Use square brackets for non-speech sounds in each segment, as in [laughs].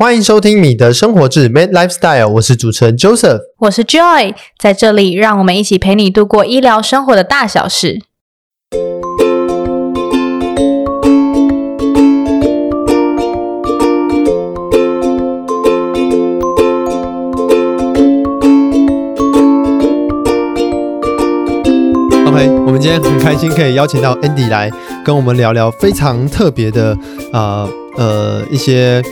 歡迎收聽《米德生活誌》（Med Lifestyle），我是主持人 Joseph，我是 Joy，在這裡讓我們一起陪你度過醫療生活的大小事。OK，我們今天很開心可以邀請到 Andy 來跟我們聊聊非常特別的啊呃，呃一些。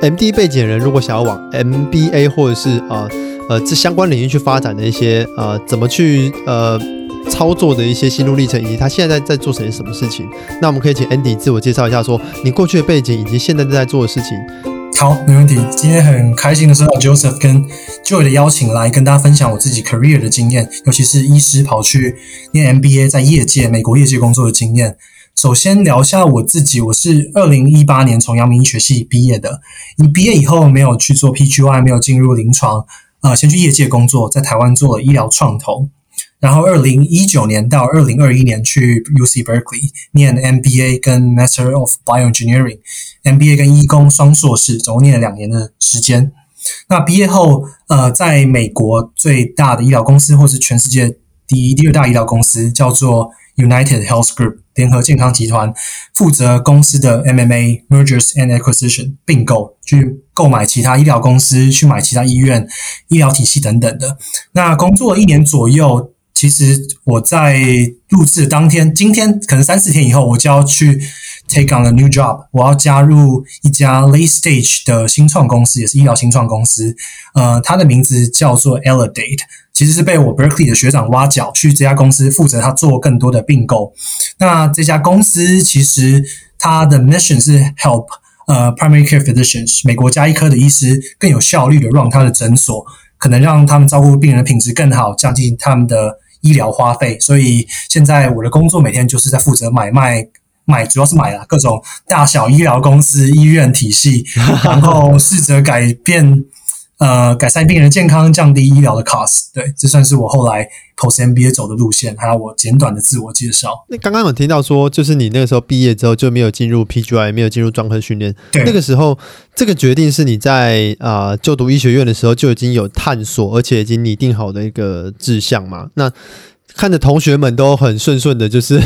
MD 背景人如果想要往 MBA 或者是呃呃這相關領域去發展的一些呃怎麼去呃操作的一些心路歷程，以及他現在在做些什麼事情，那我們可以請 Andy 自我介紹一下，說你過去的背景以及現在正在做的事情。好，沒問題。今天很開心的收到 Joseph 跟 Joey 的邀請來，來跟大家分享我自己 career 的經驗，尤其是醫師跑去念 MBA，在業界美國業界工作的經驗。首先聊一下我自己，我是二零一八年從陽明醫學系畢業的。你畢業以後沒有去做 PGY，沒有進入臨床，呃，先去業界工作，在台灣做了醫療創投。然後二零一九年到二零二一年去 UC Berkeley 念 MBA 跟 Master of Bioengineering，MBA 跟醫工雙碩士，總共念了兩年的時間。那畢業後，呃，在美國最大的醫療公司，或是全世界第一、第二大醫療公司，叫做 United Health Group 聯合健康集團，負責公司的 MMA mergers and acquisition 併購，去購買其他醫療公司，去買其他醫院、醫療體系等等的。那工作一年左右，其實我在入職當天，今天可能三四天以後，我就要去 take on a new job，我要加入一家 late stage 的新創公司，也是醫療新創公司。呃，它的名字叫做 Eldate。其實是被我 Berkeley 的學長挖角，去這家公司負責他做更多的併購。那這家公司其實它的 mission 是 help 呃 primary care physicians 美國家醫科的醫師更有效率的讓他的診所，可能讓他們照顧病人的品質更好，降低他們的醫療花費。所以現在我的工作每天就是在負責買賣，買，買主要是買啊各種大小醫療公司、醫院體系，然後試着改變。呃，改善病人健康，降低醫療的 cost，對，這算是我後來 post MBA 走的路線。還有我簡短的自我介紹。那剛剛有聽到說，就是你那個時候畢業之後就沒有進入 PGY，沒有進入專科訓練。對，那個時候這個決定是你在啊、呃、就讀醫學院的時候就已經有探索，而且已經擬定好的一個志向嘛？那。看着同學們都很順順的，就是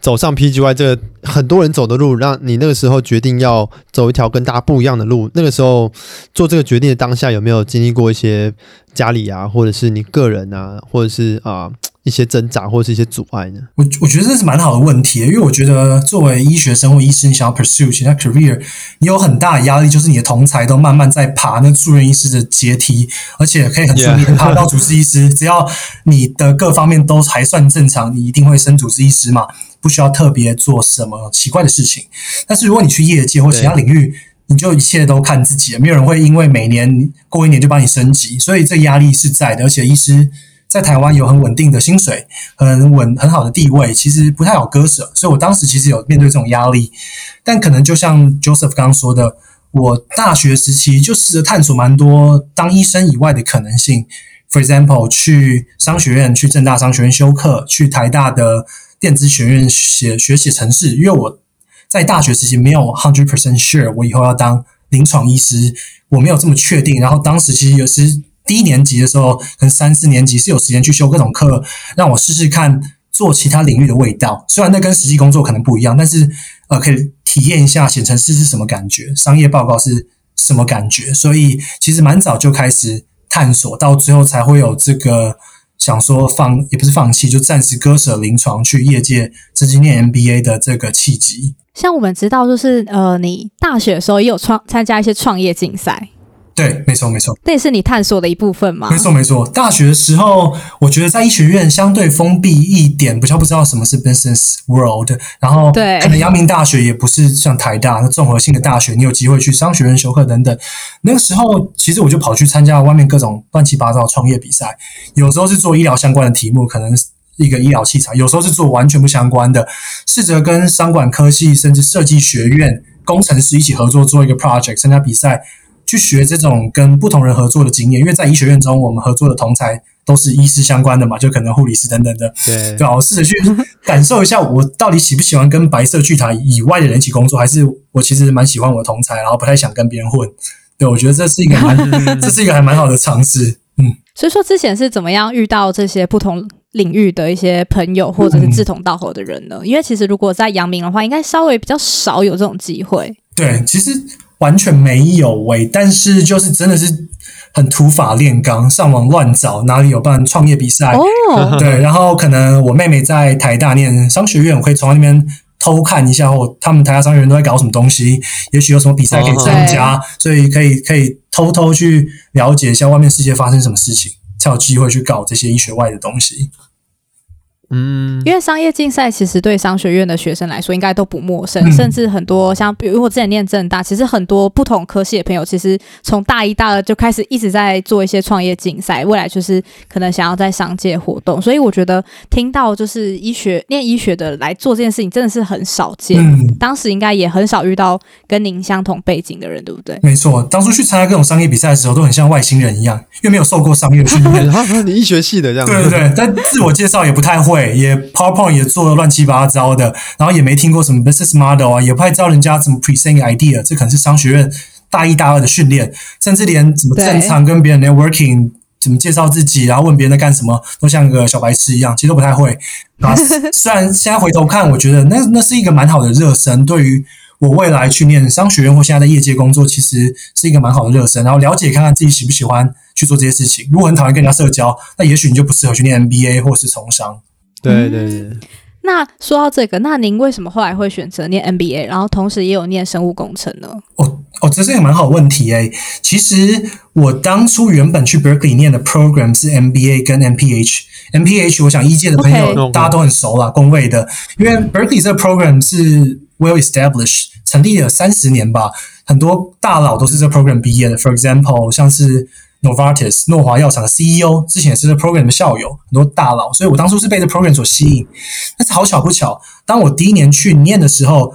走上 PGY 這個很多人走的路，讓你那個時候決定要走一條跟大家不一樣的路。那個時候做這個決定的當下，有沒有經歷過一些家裡啊，或者是你個人啊，或者是啊，呃一些掙扎或者是一些阻礙呢？我我覺得這是蠻好的問題的，因為我覺得作為醫學生或醫師，想要 pursue 其他 career，你有很大的壓力，就是你的同儕都慢慢在爬那住院醫師的階梯，而且可以很順利的爬到主治醫師， [laughs] 只要你的各方面都還算正常，你一定會升主治醫師嘛，不需要特別做什麼奇怪的事情。但是如果你去業界或其他領域，對你就一切都看自己，沒有人會因為每年過一年就幫你升級，所以這壓力是在的，而且醫師。在台灣有很穩定的薪水，很穩、很好的地位，其實不太好割捨，所以我當時其實有面對這種壓力。但可能就像 Joseph 剛說的，我大學時期就試着探索蠻多當醫生以外的可能性，For example，去商學院、去政大商學院修課，去台大的電子學院寫學習程式。因為我在大學時期沒有 hundred percent sure 我以後要當臨床醫師，我沒有這麼確定。然後當時其實有時。低年級的時候跟三四年級是有時間去修各種課，讓我試試看做其他領域的味道。雖然那跟實際工作可能不一樣，但是呃，可以體驗一下寫程式是什麼感覺，商業報告是什麼感覺。所以其實蠻早就開始探索，到最後才會有這個想說放也不是放棄，就暫時割舍臨床去業界自己念 MBA 的這個契機。像我們知道，就是呃，你大學的時候也有創參加一些創業競賽。對，沒錯，沒錯，那也是你探索的一部分嗎？沒錯，沒錯。大學的時候，我覺得在醫學院相對封閉一點，比較不知道什麼是 business world。然後，對，可能陽明大學也不是像台大那綜合性的大學，你有機會去商學院修課等等。那個時候，其實我就跑去參加外面各種亂七八糟的創業比賽，有時候是做醫療相關的題目，可能是一個醫療器材；有時候是做完全不相關的，試着跟商管、科技甚至設計學院工程師一起合作做一個 project，參加比賽。去學這種跟不同人合作的經驗，因為在醫學院中，我們合作的同儕都是醫師相關的嘛，就可能護理師等等的。對，然後試着去感受一下，我到底喜不喜歡跟白色巨塔以外的人一起工作，還是我其實蠻喜歡我的同儕，然後不太想跟別人混。對，我覺得這是一個蠻， [laughs] 這是一個還蠻好的嘗試。嗯，所以說之前是怎麼樣遇到這些不同領域的一些朋友，或者是志同道合的人呢？嗯、因為其實如果在陽明的話，應該稍微比較少有這種機會。對，其實。完全沒有喂、欸，但是就是真的是很土法煉鋼，上網亂找哪裡有辦創業比賽，Oh. 對，然後可能我妹妹在台大念商學院，我可以從那邊偷看一下，我他們台大商學院都在搞什麼東西，也許有什麼比賽可以參加，Oh. 所以可以可以偷偷去了解一下外面世界發生什麼事情，才有機會去搞這些醫學外的東西。嗯，因為商業競賽其實對商學院的學生來說應該都不陌生，嗯、甚至很多像比如我之前念政大，其實很多不同科系的朋友其實從大一大二，就開始一直在做一些創業競賽，未來就是可能想要在商界活動，所以我覺得聽到就是醫學念醫學的來做這件事情真的是很少見。嗯，當時應該也很少遇到跟您相同背景的人，對不對？沒錯，當初去參加各種商業比賽的時候都很像外星人一樣，因為沒有受過商業訓練。 [laughs] 你醫學系的這樣，對對對，但自我介紹也不太會。對，也 PowerPoint 也做了亂七八糟的，然後也沒聽過什麼 Business Model 啊，也不太知道人家怎麼 Present idea。這可能是商學院大一、大二的訓練，甚至連怎麼正常跟別人 Networking，對怎麼介紹自己，然後問別人在幹什麼，都像個小白痴一樣，其實都不太會。啊，雖然現在回頭看， [laughs] 我覺得那那是一個蠻好的熱身，對於我未來去念商學院或現在在業界工作，其實是一個蠻好的熱身，然後了解看看自己喜不喜歡去做這些事情。如果很討厭跟人家社交，那也許你就不適合去念 MBA 或是從商。對對對、嗯，那說到這個，那您為什麼後來會選擇念 MBA，然後同時也有念生物工程呢？哦哦，這是一個蠻好問題哎、欸。其實我當初原本去 Berkeley 念的 program 是 MBA 跟 MPH，MPH 我想業界的朋友 Okay 大家都很熟了，公衛的。因為 Berkeley 這 program 是 well established，成立了三十年吧，很多大佬都是這 program 畢業的。For example，像是 Novartis 諾華藥廠的 CEO 之前也是這 Program 的校友，很多大佬，所以我當初是被這 Program 所吸引。但是好巧不巧，當我第一年去念的時候。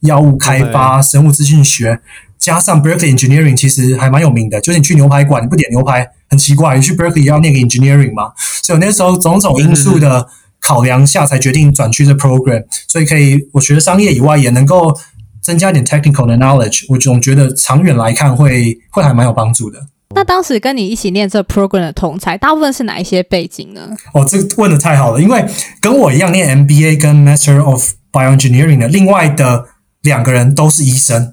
藥物開發、生物資訊學，加上 Berkeley Engineering 其實還蠻有名的。就是你去牛排館，你不點牛排很奇怪。你去 Berkeley 也要念個 Engineering 嘛？所以我那時候種種因素的考量下，才決定轉去這 program。所以可以，我覺得商業以外也能夠增加一點 technical knowledge。我總覺得長遠來看會會還蠻有幫助的。那當時跟你一起念這 program 的同儕大部分是哪一些背景呢？哦，這問得太好了。因為跟我一樣念 MBA 跟 Master of Bioengineering 的，另外的。兩個人都是醫生，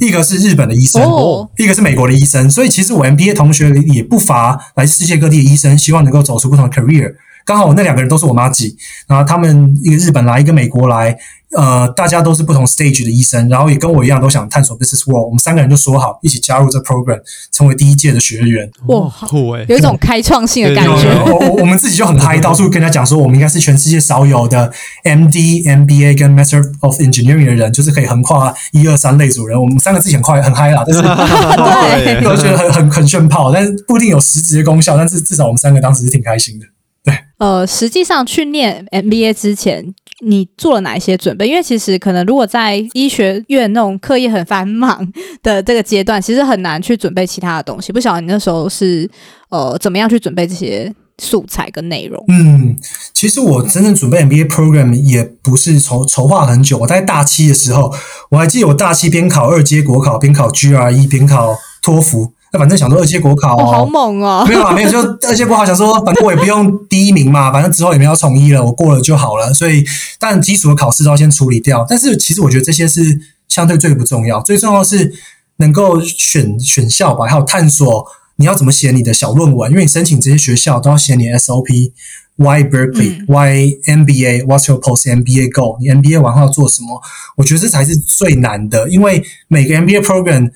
一個是日本的醫生，Oh. 一個是美國的醫生。所以其實我 MBA 同學也不乏來自世界各地的醫生，希望能夠走出不同的 career。剛好我那兩個人都是我媽級，然後他們一個日本來，一個美國來。呃，大家都是不同 stage 的醫生，然後也跟我一樣都想探索 business world。我們三個人就說好一起加入這 program，成為第一屆的學員。哇，好酷誒！有一種開創性的感覺。 [laughs] 對對對，我我，我們自己就很嗨，到處跟他講說，我們應該是全世界少有的 M D M B A 跟 Master of Engineering 的人，就是可以橫跨一二三類組人。我們三個自己快很嗨啦，但是 [laughs] 對，我覺得很很很炫炮，但是不一定有實質的功效。但是至少我們三個當時是挺開心的。對，呃，實際上去念 M B A 之前，你做了哪一些準備？因為其實可能如果在醫學院那種課業很繁忙的這個階段，其實很難去準備其他的東西。不曉得你那時候是呃怎麼樣去準備這些素材跟內容？嗯，其實我真正準備 MBA program 也不是籌籌劃很久。我在大,大七的時候，我還記得我大七邊考二階國考，邊考 GRE，邊考托福。那反正想說二階國考好猛啊！沒有啊，沒有，就二階國考想說，反正我也不用第一名嘛，反正之後也沒要統一了，我過了就好了。所以，當然基礎的考試都要先處理掉。但是，其實我覺得這些是相對最不重要，最重要的是能夠選選校吧，還有探索你要怎麼寫你的小論文，因為你申請這些學校都要寫你 SOP。Why Berkeley？Why MBA？What's your post MBA goal？你 MBA 完後要做什麼？我覺得這才是最難的，因為每個 MBA program。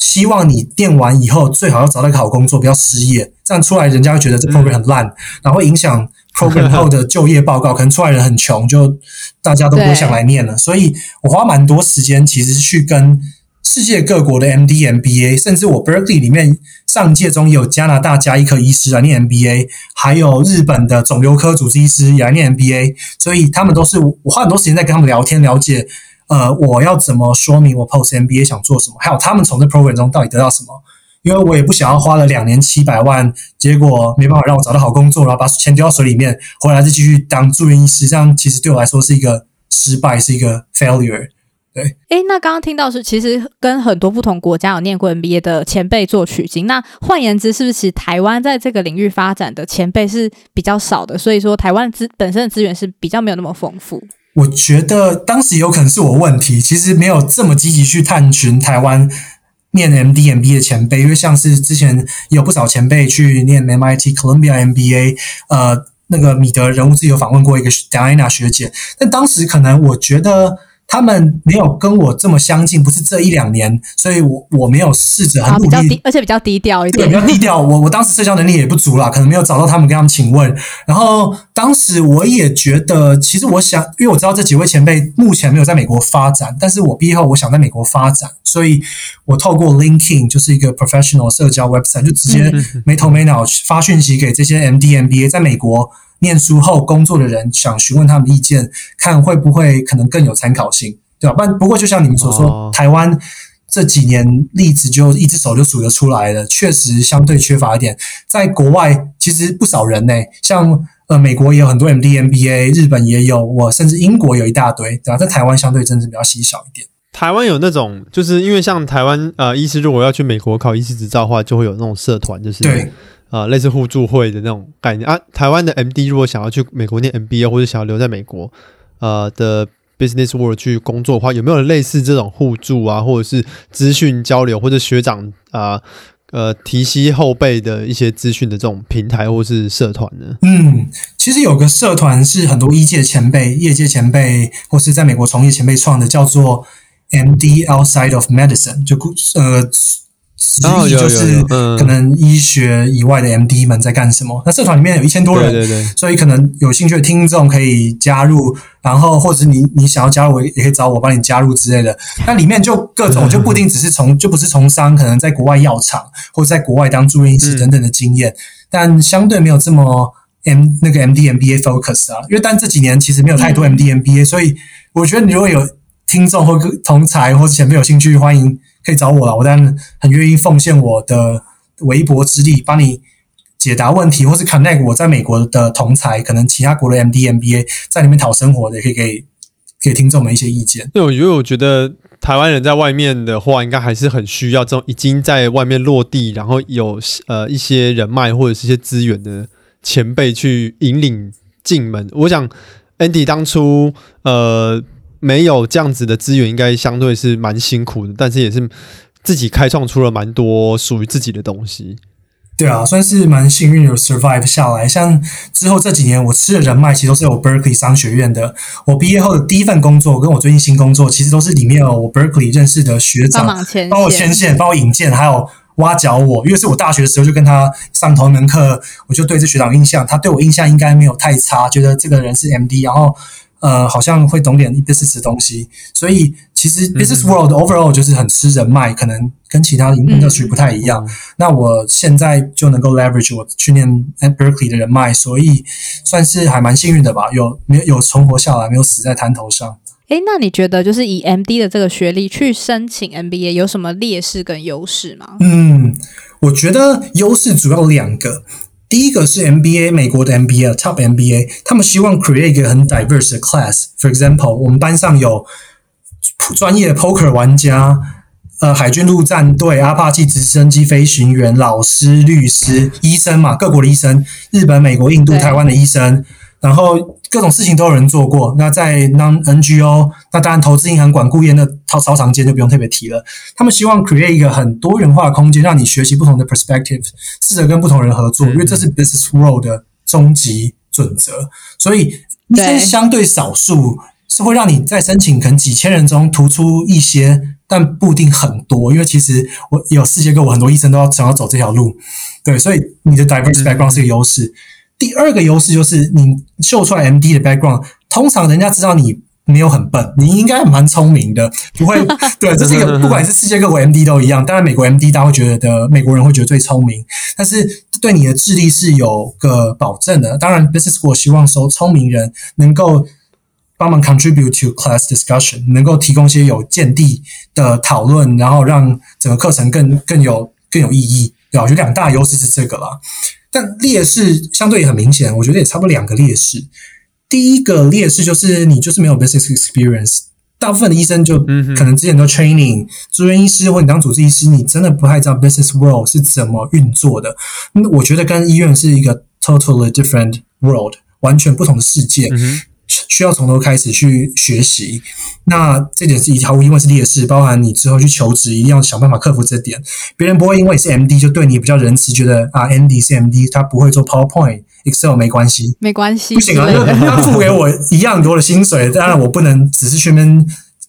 希望你念完以後，最好要找到一個好工作，不要失業。這樣出來，人家會覺得這 program 很爛，嗯、然後影響 program 後的就業報告。可能出來人很窮，就大家都不會想來念了。對所以我花蠻多時間，其實去跟世界各國的 MD、MBA，甚至我 Berkeley、er、裡面上屆中有加拿大家醫科醫師來念 M B A，還有日本的腫瘤科主治醫師也來念 M B A。所以他們都是我花很多時間在跟他們聊天了解。呃，我要怎麼說明我 post MBA 想做什麼？還有他們從這 program 中到底得到什麼？因為我也不想要花了兩年七百萬，結果沒辦法讓我找到好工作，然後把錢丟到水裡面，回來再繼續當住院醫師，這樣其實對我來說是一個失敗，是一個 failure。對。誒，那剛剛聽到是，其實跟很多不同國家有念過 MBA 的前輩做取經。那換言之，是不是其實台灣在這個領域發展的前輩是比較少的？所以說，台灣資本身的資源是比較沒有那麼豐富。我覺得當時有可能是我問題，其實沒有這麼積極去探尋台灣念 MD MBA 的前輩，因為像是之前有不少前輩去念 MIT、Columbia MBA，呃，那個米德人物誌有訪問過一個 Diana 學姐，但當時可能我覺得。他們沒有跟我這麼相近，不是這一兩年，所以我我沒有試着很努力，好，比較低，而且比較低調一點，對，比較低調。我我當時社交能力也不足啦，可能沒有找到他們跟他們請問。然後當時我也覺得，其實我想，因為我知道這幾位前輩目前沒有在美國發展，但是我畢業後我想在美國發展，所以我透過 LinkedIn 就是一個 professional 社交 website 就直接沒頭沒腦發訊息給這些 MD MBA 在美國。念書後工作的人想詢問他們意見，看會不會可能更有參考性，對吧不？不過就像你們所說，台灣這幾年例子就一只手就數得出來了，確實相對缺乏一點。在國外，其實不少人呢、欸，像呃美國也有很多 MD MBA，日本也有，我甚至英國有一大堆，對吧？在台灣相對真的比較稀少一點。台灣有那種，就是因為像台灣呃醫師，如果要去美國考醫師執照的話，就會有那種社團，就是對。啊、呃，類似互助會的那種概念啊。台灣的 MD 如果想要去美國念 MBA 或者想要留在美國，呃、的 Business World 去工作的話，有沒有類似這種互助啊，或者是資訊交流，或者學長啊、呃，呃，提攜後輩的一些資訊的這種平台或是社團呢？嗯，其實有個社團是很多醫界前輩、業界前輩或是在美國從業前輩創的，叫做 MD Outside of Medicine，就呃。實際就是，可能醫學以外的 MD 們在幹什麼？那社團裡面有一千多人，對對對，所以可能有興趣的聽眾可以加入，然後或者你你想要加入，我也可以找我幫你加入之類的。那裡面就各種，就不一定只是從，就不是從商，可能在國外藥廠或在國外當住院醫師等等的經驗，但相對沒有這麼 M 那個 MD MBA focus 啊，因為但這幾年其實沒有太多 MD MBA，所以我覺得你如果有聽眾或同才或是前輩有興趣，歡迎。可以找我了，我當然很願意奉獻我的微薄之力，幫你解答問題，或是 connect 我在美國的同才，可能其他國的 MD、MBA 在裡面討生活的，也可以給給聽眾們一些意見。對，因為我覺得台灣人在外面的話，應該還是很需要這種已經在外面落地，然後有呃一些人脈或者是一些資源的前輩去引領進門。我想 Andy 當初呃。沒有這樣子的資源，應該相對是蠻辛苦的，但是也是自己開創出了蠻多屬於自己的東西。對啊，算是蠻幸運有 survive 下來。像之後這幾年我吃的人脈，其實都是有 Berkeley 商學院的。我畢業後的第一份工作，跟我最近新工作，其實都是裡面有、哦、我 Berkeley 認識的學長幫,幫我牽線，幫我引薦，還有挖角我，因為是我大學的時候就跟他上同一門課，我就對這學長印象，他對我印象應該沒有太差，覺得這個人是 MD，然後。呃，好像會懂點 business 的東西，所以其實 business world overall 就是很吃人脈，嗯、可能跟其他 industry 不太一樣。嗯、那我現在就能夠 leverage 我去年 Berkeley 的人脈，所以算是還蠻幸運的吧，有沒有存活下來，沒有死在灘頭上。哎，那你覺得就是以 MD 的這個學歷去申請 MBA 有什麼劣勢跟優勢嗎？嗯，我覺得優勢主要兩個。第一個是 MBA，美國的 MBA，Top MBA，他們希望 create 一個很 diverse 的 class。For example，我們班上有專業的 poker 玩家，呃，海軍陸戰隊、阿帕奇直升機飛行員、老師、律師、醫生嘛，各國的醫生，日本、美國、印度、對 台灣的醫生，然後。各種事情都有人做過。那在 non NGO，那當然投資銀行管顧業的超超常見就不用特別提了。他們希望 create 一個很多元化的空間，讓你學習不同的 perspective，試着跟不同人合作，嗯嗯因為這是 business world 的終極準則。所以醫生相對少數，對是會讓你在申請可能幾千人中突出一些，但不一定很多。因為其實我有世界各國，我很多醫生都要想要走這條路。對，所以你的 diverse background 嗯嗯是個優勢。第二個優勢就是，你秀出來 MD 的 background，通常人家知道你沒有很笨，你應該蠻聰明的，不會 [laughs] 對。這是一個，不管是世界各國 MD 都一樣，當然美國 MD 大家會覺得美國人會覺得最聰明，但是對你的智力是有個保證的。當然，business school，我希望說，聰明人能夠幫忙 contribute to class discussion，能夠提供一些有見地的討論，然後讓整個課程更更有更有意義。有有兩大優勢是這個了。但劣勢相對也很明顯，我覺得也差不多兩個劣勢。第一個劣勢就是你就是沒有 business experience，大部分的醫生就可能之前都 training，住院、嗯、哼醫師或你當主治醫師，你真的不太知道 business world 是怎麼運作的。那我覺得跟醫院是一個 totally different world，完全不同的世界。嗯需要從頭開始去學習，那這點是一條因為是劣勢，包含你之後去求職一定要想辦法克服這點。別人不會因為你是 MD 就對你比較仁慈，覺得啊，MD 是 MD，他不會做 PowerPoint、Excel 沒關係，沒關係，不行啊，的他付給我一樣多的薪水， [laughs] 當然我不能只是去那邊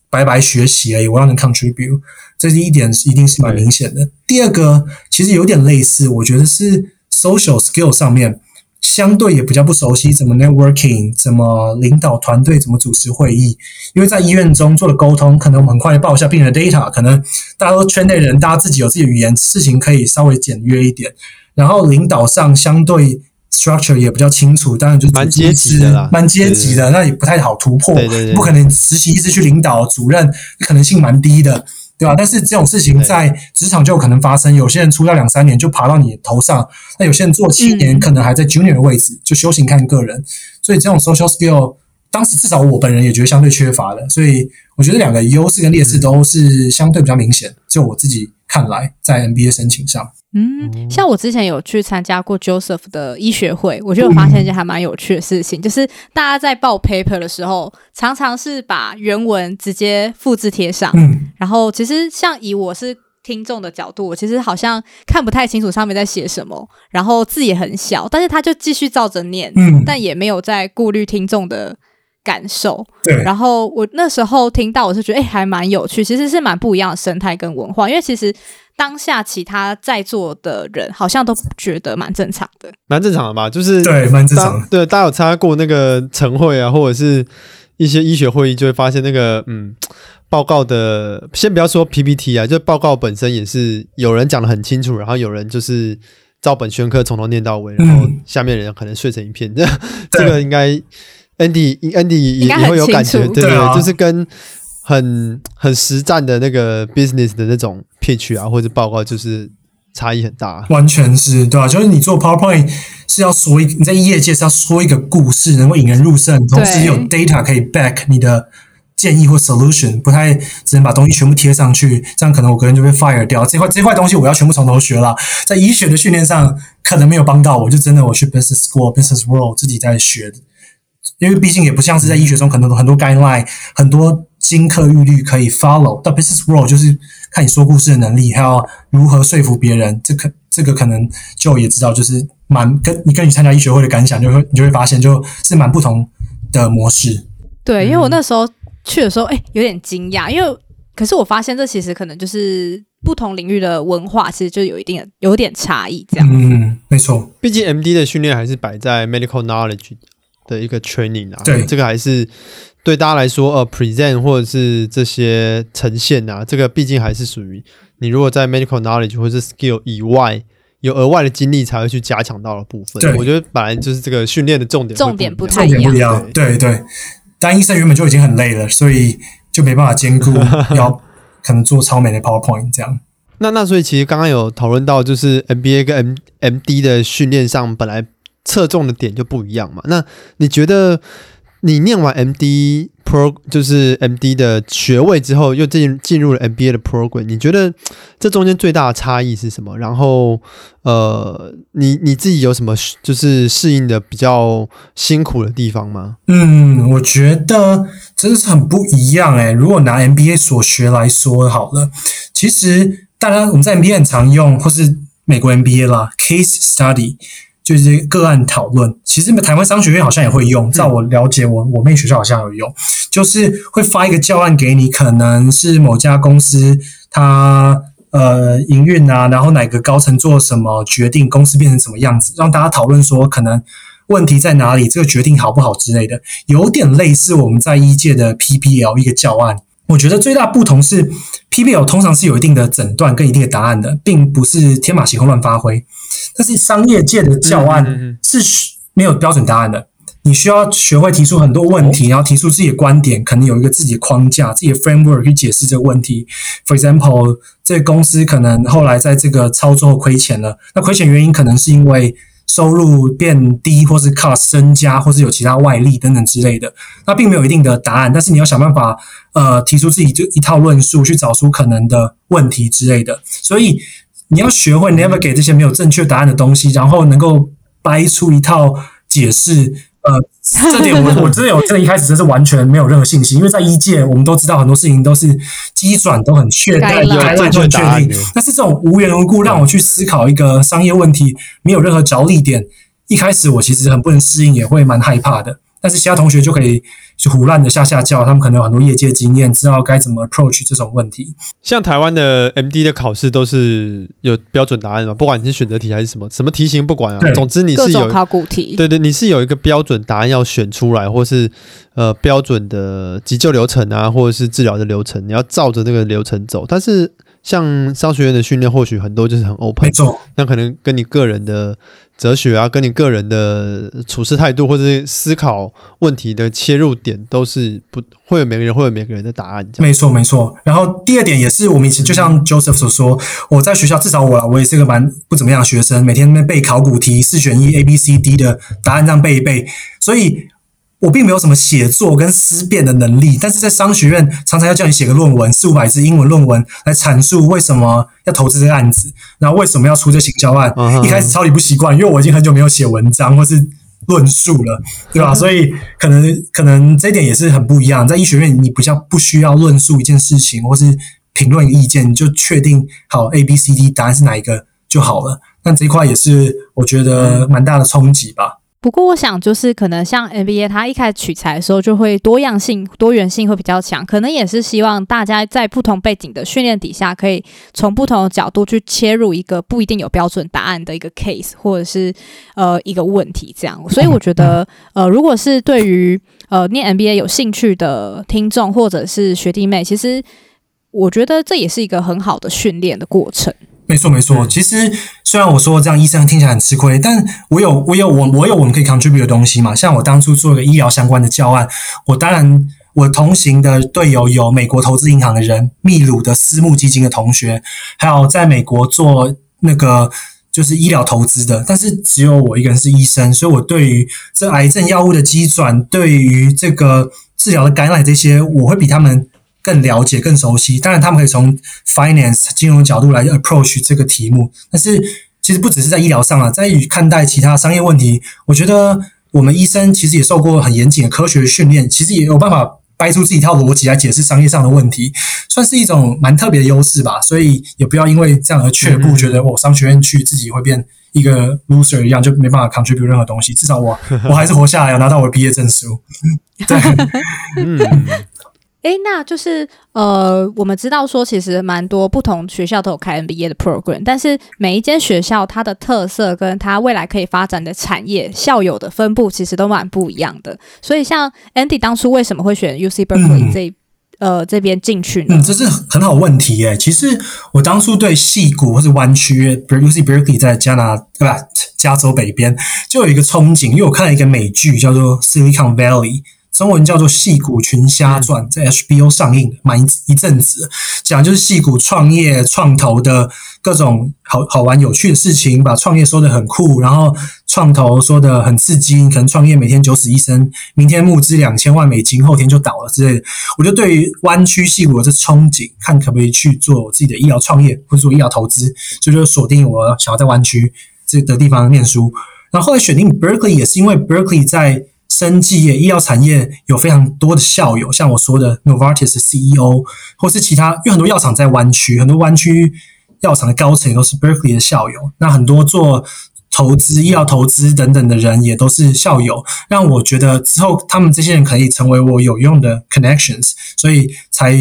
白白學習而已，我要能 contribute，這是一點一定是蠻明顯的。嗯、第二個其實有點類似，我覺得是 social skill 上面。相對也比較不熟悉，怎麼 networking，怎麼領導團隊，怎麼主持會議，因為在醫院中做的溝通，可能我們很快就報一下病人的 data，可能大家都圈內人，大家自己有自己的語言，事情可以稍微簡約一點。然後領導上相對 structure 也比較清楚，當然就蠻階級的，蠻階級的，對對對，那也不太好突破，不可能實習一直去領導主任，可能性蠻低的。對啊，但是這種事情在職場就有可能發生。有些人出道兩三年就爬到你頭上，那有些人做七年可能還在 Junior 的位置，就修行看個人。所以這種 social skill，當時至少我本人也覺得相對缺乏的。所以我覺得兩個優勢跟劣勢都是相對比較明顯，就我自己。看來在 MBA 申請上，嗯，像我之前有去參加過 Joseph 的醫學會，我就發現一件還蠻有趣的事情，嗯、就是大家在報 paper 的時候，常常是把原文直接複製貼上，嗯、然後其實像以我是聽眾的角度，我其實好像看不太清楚上面在寫什麼，然後字也很小，但是他就繼續照着念，嗯、但也沒有在顧慮聽眾的。感受。對。然後我那時候聽到，我是覺得，哎、欸，還蠻有趣。其實是蠻不一樣的生態跟文化，因為其實當下其他在座的人好像都覺得蠻正常的。蠻正常的吧？就是對，蠻正常的。對，大家有參加過那個晨會啊，或者是一些醫學會議，就會發現那個嗯，報告的先不要說 PPT 啊，就報告本身也是有人講得很清楚，然後有人就是照本宣科從頭念到尾，然後下面人可能睡成一片。這這個應該。Andy，Andy Andy 也會有感覺，對吧對，就是跟很很實戰的那個 business 的那種 c h 啊，或者報告，就是差異很大。完全是對啊，就是你做 PowerPoint 是要說一個，你在業界是要說一個故事，能夠引人入勝，同時有 data 可以 back 你的建議或 solution。不太只能把東西全部貼上去，這樣可能我個人就被 fire 掉。這塊這塊東西我要全部從頭學了。在醫學的訓練上可能沒有幫到我，就真的我去 business school、business world 自己在學因為畢竟也不像是在醫學中，可能有很多 guideline、很多金科玉律可以 follow。The business world 就是看你說故事的能力，還有如何說服別人。這可、個、這個可能就也知道，就是蠻跟你跟你參加醫學會的感想，就會你就會發現，就是蠻不同的模式。對，因為我那時候去的時候，誒，有點驚訝，因為可是我發現這其實可能就是不同領域的文化，其實就有一定有點差異。這樣，嗯，沒錯，畢竟 MD 的訓練還是擺在 medical knowledge。的一個 training 啊。對這個還是對大家來說，呃 present 或者是這些呈現啊，這個畢竟還是屬於你如果在 medical knowledge 或者 skill 以外有額外的精力才會去加強到的部分。對，我覺得本來就是這個訓練的重點，重點不太一樣。對，對對，當醫生原本就已經很累了，所以就沒辦法兼顧要可能做超美的 PowerPoint 這樣。 [laughs] 那那所以其實剛剛有討論到就是 MBA 跟 MD 的訓練上本來。側重的點就不一樣嘛。那你覺得你念完 MD pro 就是 MD 的學位之後，又進進入了 MBA 的 program，你覺得這中間最大的差異是什麼？然後，呃，你你自己有什麼就是適應的比較辛苦的地方嗎？嗯，我覺得真的是很不一樣哎，欸。如果拿 MBA 所學來說好了，其實大家我們在 MBA 很常用，或是美國 MBA 啦，case study。就是個案討論，其實台灣商學院好像也會用。照我了解，我我妹學校好像有用，就是會發一個教案給你，可能是某家公司它呃營運啊，然後哪個高層做什麼決定，公司變成什麼樣子，讓大家討論說可能問題在哪裡，這個決定好不好之類的，有點類似我們在一屆的 PBL 一個教案。我覺得最大不同是 PBL 通常是有一定的診斷跟一定的答案的，並不是天馬行空亂發揮。但是商業界的教案是沒有標準答案的，你需要學會提出很多問題，然後提出自己的觀點，可能有一個自己的框架、自己的 framework 去解釋這個問題。For example，這個公司可能後來在這個操作虧錢了，那虧錢原因可能是因為收入變低，或是 cost 增加，或是有其他外力等等之類的。那並沒有一定的答案，但是你要想辦法，呃，提出自己這一套論述，去找出可能的問題之類的。所以。你要學會，你要 navigate 給這些沒有正確答案的東西，然後能夠掰出一套解釋。呃，這點我 [laughs] 我真的有，這一開始真是完全沒有任何信心，因為在醫界我們都知道很多事情都是機轉都很確定，有答案確定。但是這種無緣無故讓我去思考一個商業問題，沒有任何着力點，嗯、一開始我其實很不能適應，也會蠻害怕的。但是其他同學就可以。就胡亂的下下叫，他們可能有很多業界經驗，知道該怎麼 approach 這種問題。像台灣的 MD 的考試都是有標準答案嘛，不管你是選擇題還是什麼，什麼題型不管啊，對總之你是有考古題對,對對，你是有一個標準答案要選出來，或是呃標準的急救流程啊，或者是治療的流程，你要照着那個流程走。但是像商學院的訓練，或許很多就是很 open，那錯可能跟你個人的。哲學啊，跟你個人的處事態度或者思考問題的切入點，都是不會有，每個人會有每個人的答案，這樣沒錯沒錯。然後第二點也是我們以前就像 Joseph 所說，我在學校，至少我我也是一個蠻不怎麼樣的學生，每天在那背考古題四選一 A B C D 的答案這樣背一背，所以。我並沒有什麼寫作跟思辨的能力，但是在商學院常常要叫你寫個論文，四五百字英文論文來闡述為什麼要投資這個案子，然後為什麼要出這行銷案。Uh huh. 一開始超級不習慣，因為我已經很久沒有寫文章或是論述了，對吧？Uh huh. 所以可能可能這一點也是很不一樣。在醫學院，你不像不需要論述一件事情或是評論一個意見，你就確定好 A、B、C、D 答案是哪一個就好了。但這一塊也是我覺得蠻大的衝擊吧。Uh huh. 不過，我想就是可能像 MBA 他一開始取材的時候就會多樣性、多元性會比較強，可能也是希望大家在不同背景的訓練底下，可以從不同的角度去切入一個不一定有標準答案的一個 case，或者是呃一個問題這樣。所以我覺得，呃，如果是對於呃念 MBA 有興趣的聽眾或者是學弟妹，其實我覺得這也是一個很好的訓練的過程。沒錯沒錯，其實雖然我說這樣醫生聽起來很吃虧，但我有我有我我有我們可以 contribute 的東西嘛，像我當初做一個醫療相關的教案，我當然我同行的隊友有美國投資銀行的人、秘魯的私募基金的同學，還有在美國做那個就是醫療投資的，但是只有我一個人是醫生，所以我對於這癌症藥物的機轉、對於這個治療的感染這些，我會比他們更了解，更熟悉，當然他們可以從 finance 金融角度來 approach 這個題目。但是其實不只是在醫療上啊，在於看待其他商業問題。我覺得我們醫生其實也受過很嚴謹的科學訓練，其實也有辦法掰出自己一套邏輯來解釋商業上的問題，算是一種蠻特別的優勢吧。所以也不要因為這樣而卻步，覺得我、嗯嗯哦、商學院去自己會變一個 loser 一樣，就沒辦法 contribute 任何東西。至少我我還是活下來， [laughs] 拿到我的畢業證書。對， [laughs] 嗯。 [laughs] 哎，那就是呃，我們知道說，其實蠻多不同學校都有開 MBA 的 program，但是每一間學校它的特色跟它未來可以發展的產業校友的分布，其實都蠻不一樣的。所以像 Andy 當初為什麼會選 UC Berkeley 這、嗯、呃這邊進去呢？嗯，這是很好問題耶、欸。其實我當初對矽谷或是灣區，比如 UC Berkeley 在加拿對吧？加州北邊就有一個憧憬，因為我看了一個美劇叫做 Silicon Valley。中文叫做《矽谷群瞎傳》，在 HBO 上映，蠻一一陣子，講就是矽谷創業、創投的各種好好玩、有趣的事情，把創業說得很酷，然後創投說得很刺激，可能創業每天九死一生，明天募資兩千萬美金，後天就倒了之類的。我就對於灣區矽谷的這憧憬，看可不可以去做自己的醫療創業，或是做醫療投資，所以就鎖定我想要在灣區這個地方念書。然後後來選定 Berkeley 也是因為 Berkeley 在。生技業、醫藥產業有非常多的校友，像我說的 Novartis 的 CEO 或是其他，因為很多藥廠在灣區，很多灣區藥廠的高層都是 Berkeley 的校友。那很多做投資、醫藥投資等等的人也都是校友，讓我覺得之後他們這些人可以成為我有用的 connections，所以才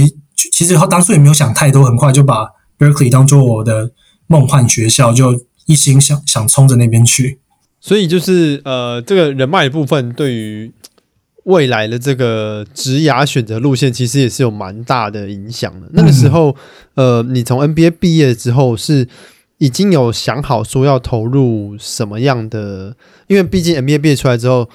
其實當初也沒有想太多，很快就把 Berkeley 當做我的夢幻學校，就一心想想衝着那邊去。所以就是呃，這個人脈的部分對於未來的這個職涯選擇路線，其實也是有蠻大的影響的。那個時候，嗯、呃，你從 MBA 畢業之後，是已經有想好說要投入什麼樣的？因為畢竟 MBA 畢業出來之後。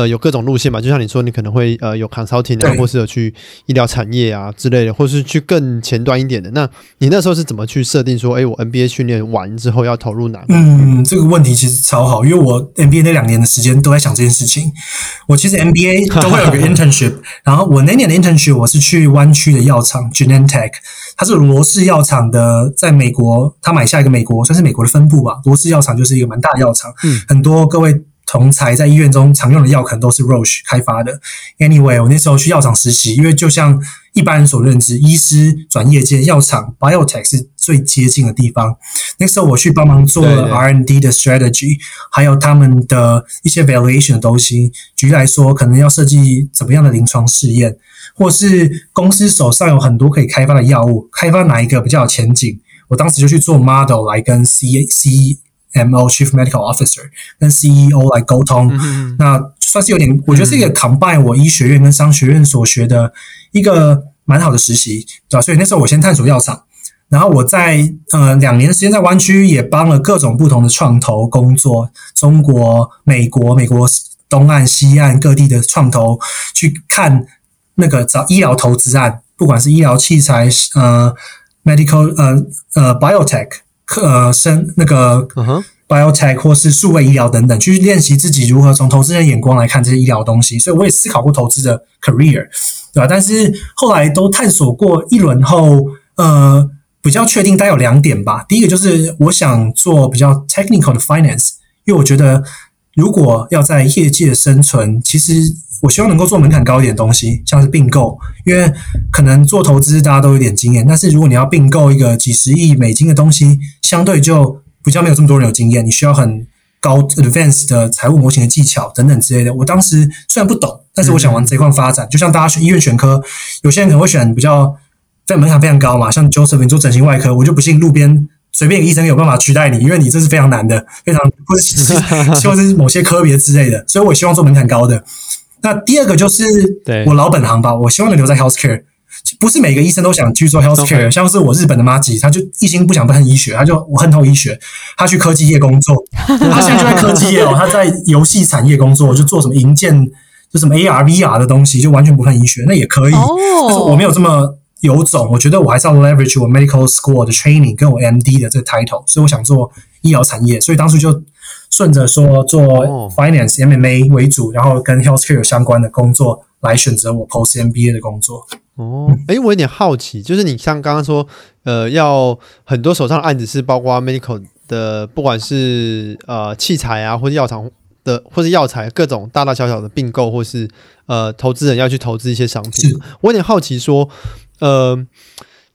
呃，有各種路線嘛？就像你說，你可能會呃有 consulting 啊，或是有去醫療產業啊之類的，或是去更前端一點的。那你那時候是怎麼去設定說，哎，我 MBA 訓練完之後要投入哪？嗯，這個問題其實超好，因為我 MBA 那兩年的時間都在想這件事情。我其實 MBA 都會有一個 internship， [laughs] 然後我那年的 internship 我是去灣區的藥廠 Genentech，它是羅氏藥廠的，在美國，它買下一個美國算是美國的分部吧。羅氏藥廠就是一個蠻大的藥廠，嗯、很多各位。從才在醫院中常用的藥可能都是 Roche 開發的。Anyway，我那時候去藥廠實習，因為就像一般人所認知，醫師轉業界，藥廠 Biotech 是最接近的地方。那時候我去幫忙做 R&D 的 strategy，還有他們的一些 valuation 的東西。舉例來說，可能要設計怎麼樣的臨床試驗，或是公司手上有很多可以開發的藥物，開發哪一個比較有前景？我當時就去做 model 來跟 C C。M.O. Chief Medical Officer 跟 C.E.O. 來溝通，嗯哼，那算是有點，我覺得是一個 combine 我醫學院跟商學院所學的一個蠻好的實習，對啊，所以那時候我先探索藥廠，然後我在呃兩年的時間在灣區也幫了各種不同的創投工作，中國、美國、美國東岸、西岸各地的創投去看那個找醫療投資案，不管是醫療器材呃 medical 呃呃 biotech。Bi 呃，生那個 biotech 或是數位醫療等等，去練習自己如何從投資人眼光來看這些醫療東西。所以我也思考過投資的 career，對吧？啊，但是後來都探索過一輪後，呃，比較確定大概有兩點吧。第一個就是我想做比較 technical 的 finance，因為我覺得如果要在業界的生存，其實我希望能夠做門檻高一點東西，像是併購，因為可能做投資大家都有點經驗，但是如果你要併購一個幾十億美金的東西，相對就比較沒有這麼多人有經驗，你需要很高 advanced 的財務模型的技巧等等之類的。我當時雖然不懂，但是我想往這一塊發展，嗯、就像大家選醫院選科，有些人可能會選比較在門檻非常高嘛，像 Joseph 做整形外科，我就不信路邊隨便一個醫生有辦法取代你，因為你這是非常難的，非常或者 [laughs] 希望這是某些科別之類的。所以我希望做門檻高的。那第二個就是我老本行吧，對我希望能留在 healthcare。不是每個醫生都想去做 healthcare，Okay. 像是我日本的媽吉，他就一心不想碰醫學，他就我恨透醫學，他去科技業工作，他現在就在科技業哦， [laughs] 他在遊戲產業工作，就做什麼硬件，就什麼 AR VR 的東西，就完全不碰醫學，那也可以。但是我沒有這麼有種，我覺得我還是要 leverage 我 medical school 的 training 跟我 MD 的這個 title，所以我想做醫療產業，所以當初就。順着說，做 finance M M A 為主，哦、然後跟 healthcare 有相關的工作來選擇我 post M B A 的工作。哦，哎、欸，我有點好奇，就是你像剛剛說，呃，要很多手上的案子是包括 medical 的，不管是呃器材啊，或者藥廠的，或是藥材各種大大小小的併購，或是呃投資人要去投資一些商品。是我有點好奇，說，呃，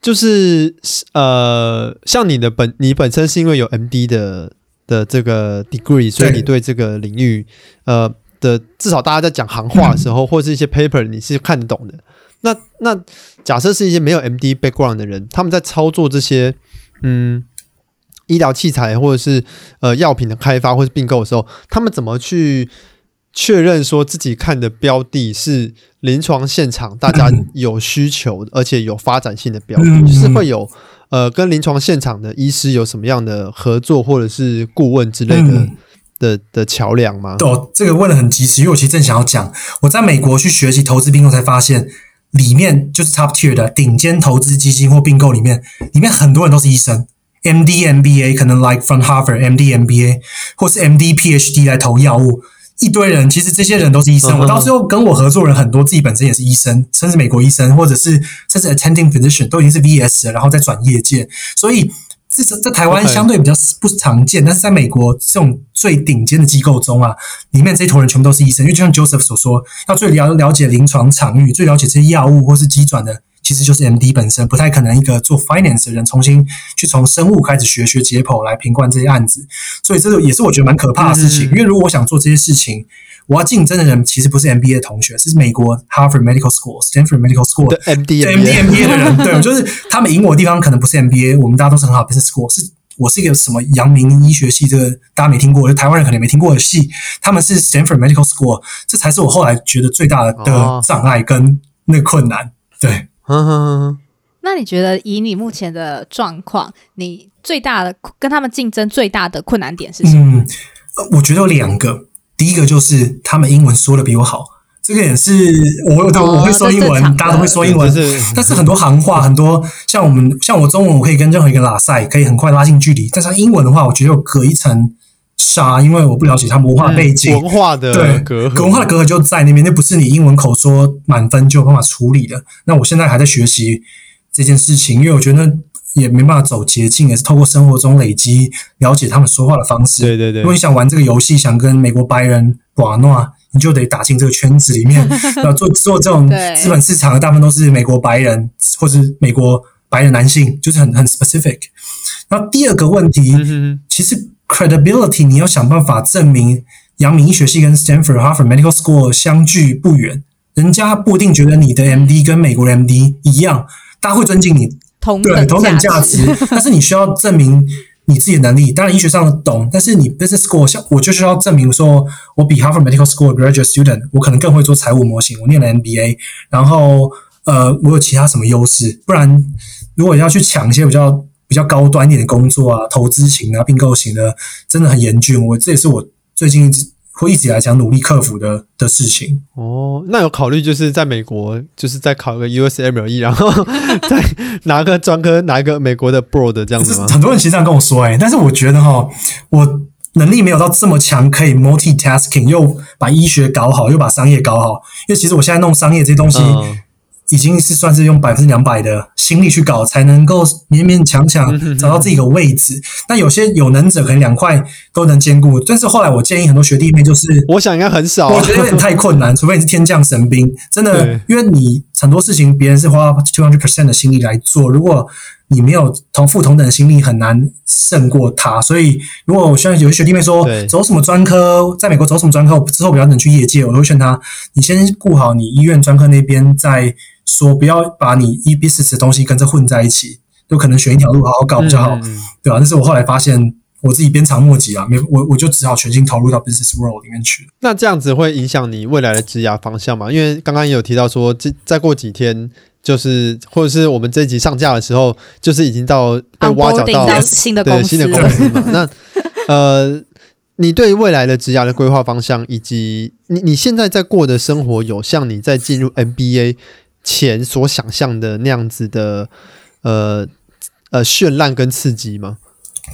就是呃，像你的本，你本身是因為有 M D 的。的這個 degree，所以你對這個領域，對呃的至少大家在講行話的時候，或是一些 paper，你是看得懂的。那那假設是一些沒有 MD background 的人，他們在操作這些嗯醫療器材或者是呃藥品的開發或是併購的時候，他們怎麼去確認說自己看的標的是臨床現場大家有需求，嗯、而且有發展性的標的，就是會有。呃，跟臨床現場的醫師有什麼樣的合作，或者是顧問之類的、嗯、的的橋梁嗎？哦，這個問得很及時，因為我其實正想要講，我在美國去學習投資併購，才發現裡面就是 top tier 的頂尖投資基金或併購裡面，裡面很多人都是醫生，M D M B A，可能 like from Harvard M D M B A，或是 M D P H D 來投藥物。一堆人，其實這些人都是醫生。我到時候跟我合作人很多，自己本身也是醫生，甚至美國醫生，或者是甚至 attending physician 都已經是 VS 了，然後再轉業界。所以，這是在台灣相對比較不常見。Okay. 但是在美國這種最頂尖的機構中啊，裡面這一坨人全部都是醫生。因為就像 Joseph 所說，要最了了解臨床場域，最了解這些藥物或是機轉的。其實就是 M.D. 本身不太可能，一個做 Finance 的人重新去從生物開始學學解剖來評判這些案子，所以這個也是我覺得蠻可怕的事情。嗯、因為如果我想做這些事情，我要競爭的人其實不是 MBA 的同學，是美國 Harvard Medical School、Stanford Medical School、M.D.MBA MD 的人。 [laughs] 對，就是他們贏我的地方可能不是 MBA，我們大家都是很好不是 School 是我是一個什麼陽明醫學系的、這個，大家沒聽過，就台灣人可能沒聽過的系，他們是 Stanford Medical School，這才是我後來覺得最大的障礙跟那個困難。哦、對。嗯， [laughs] 那你覺得以你目前的狀況，你最大的跟他們競爭最大的困難點是什麼？嗯，我覺得有兩個，第一個就是他們英文說的比我好，這個也是我都、哦、我會說英文，大家都會說英文，就是、但是很多行話，很多像我們像我中文，我可以跟任何一個喇賽可以很快拉近距離，但是英文的話，我覺得又隔一層。傻，因為我不了解他們文化背景，嗯、文化的隔閡，對，隔閡文化的隔閡就在那邊，那不是你英文口說滿分就有辦法處理的。那我現在還在學習這件事情，因為我覺得也沒辦法走捷徑，也是透過生活中累積了解他們說話的方式。對對對。如果你想玩這個遊戲，想跟美國白人玩鬧，你就得打進這個圈子裡面。那 [laughs] 做做這種資本市場的大部分都是美國白人，對或是美國白人男性，就是很很 specific。那第二個問題， [laughs] 其實。Credibility，你要想辦法證明，陽明醫學系跟 Stanford、Harvard Medical School 相距不遠，人家不一定覺得你的 MD 跟美國的 MD 一樣，大家會尊敬你。同等對，同等價值， [laughs] 但是你需要證明你自己的能力。當然，醫學上的懂，但是你但是 business school 像我就需要證明說，我比 Harvard Medical School a graduate student 我可能更會做財務模型，我念了 MBA，然後呃，我有其他什麼優勢？不然，如果要去搶一些比較。比較高端一點的工作啊，投資型啊，併購型的，真的很嚴峻。我這也是我最近一直會一直來想努力克服的的事情。哦，那有考慮就是在美國，就是在考一個 USMLE，然後再 [laughs] 拿個專科，拿一個美國的 board 這樣子嗎？很多人其實這樣跟我說、欸，哎，但是我覺得哈，我能力沒有到這麼強，可以 multi-tasking，又把醫學搞好，又把商業搞好。因為其實我現在弄商業這些東西。嗯已經是算是用百分之兩百的心力去搞，才能夠勉勉強強找到自己的位置。 [laughs] 但有些有能者可能兩塊都能兼顧，但是後來我建議很多學弟妹就是，我想應該很少。我覺得有點太困難， [laughs] 除非你是天降神兵，真的，對因為你很多事情別人是花 two hundred percent 的心力來做，如果。你沒有同父同等心力，很難勝過他。所以，如果我現在有些學弟妹說走什麼專科，在美國走什麼專科之後比較能去業界，我都會勸他：你先顧好你醫院專科那邊再說，不要把你、e、business 的東西跟着混在一起，就可能選一條路好好搞比較好，嗯嗯、對吧、啊？但是我後來發現我自己鞭長莫及啊，沒我我就只好全心投入到 business world 裡面去。那這樣子會影響你未來的職涯方向嗎？因為剛剛也有提到說，這再過幾天。就是或者是我們這一集上架的時候，就是已經到被挖角到 Un boarding 對新的公司對新的公司嘛？ [laughs] 那呃，你對未來的職涯的規劃方向，以及你你現在在過的生活，有像你在進入 MBA 前所想象的那樣子的呃呃絢爛跟刺激嗎？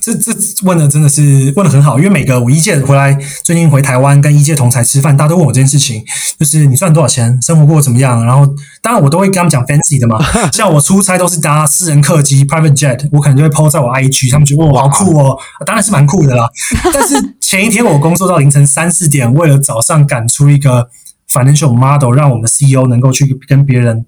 這這問的真的是問的很好，因為每個五一屆回來，最近回台灣跟一屆同才吃飯，大家都問我這件事情，就是你賺多少錢，生活過怎麼樣？然後當然我都會跟他們講 fancy 的嘛，像我出差都是搭私人客機 private jet，我可能就會 po 在我 IG，他們覺得我好酷哦，當然是蠻酷的啦。但是前一天我工作到凌晨三四點，為了早上趕出一個 financial model，讓我們的 CEO 能夠去跟別人。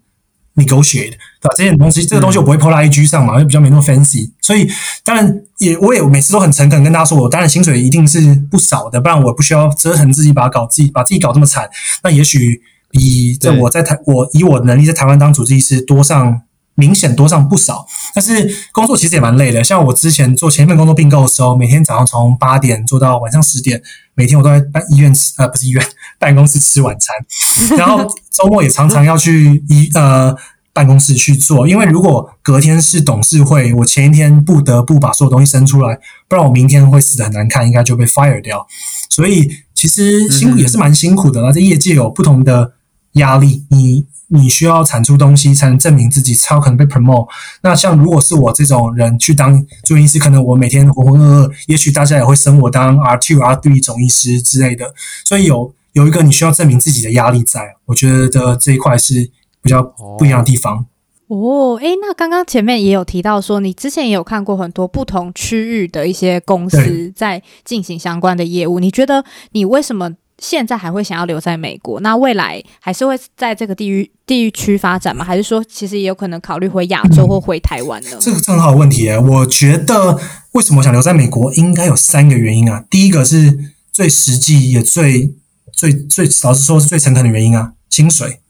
negotiate 對吧？這些東西，這個東西我不會拋到 IG 上嘛，因為、嗯、比較沒那麼 fancy。所以當然也，我也每次都很誠懇跟大家說，我當然薪水一定是不少的，不然我不需要折騰自己把它搞自己把自己搞這麼慘。那也許比在我在台對 我以我的能力在台灣當主治醫師多上，明顯多上不少，但是工作其實也蠻累的。像我之前做前一份工作併購的時候，每天早上從八點做到晚上十點，每天我都在辦醫院吃，呃，不是醫院辦公室吃晚餐，然後週末也常常要去醫 [laughs] 呃辦公室去做，因為如果隔天是董事會，我前一天不得不把所有東西生出來，不然我明天會死得很難看，應該就被 fire 掉。所以其實辛苦也是蠻辛苦的，那、嗯、在業界有不同的。壓力，你你需要產出東西才能證明自己，才有可能被 promote。那像如果是我這種人去當總醫師，可能我每天渾渾噩噩，也許大家也會升我當 R two R three 總醫師之類的。所以有有一個你需要證明自己的壓力在，在我覺得這一塊是比較不一樣的地方。哦，誒、欸，那剛剛前面也有提到說，你之前也有看過很多不同區域的一些公司在進行相關的業務，對你覺得你為什麼？現在還會想要留在美國？那未來還是會在這個地域地域區發展嗎？還是說其實也有可能考慮回亞洲或回台灣呢？這個正好問題耶，我覺得為什麼想留在美國，應該有三個原因啊。第一個是最實際也最最最，老實說是最誠懇的原因啊，薪水。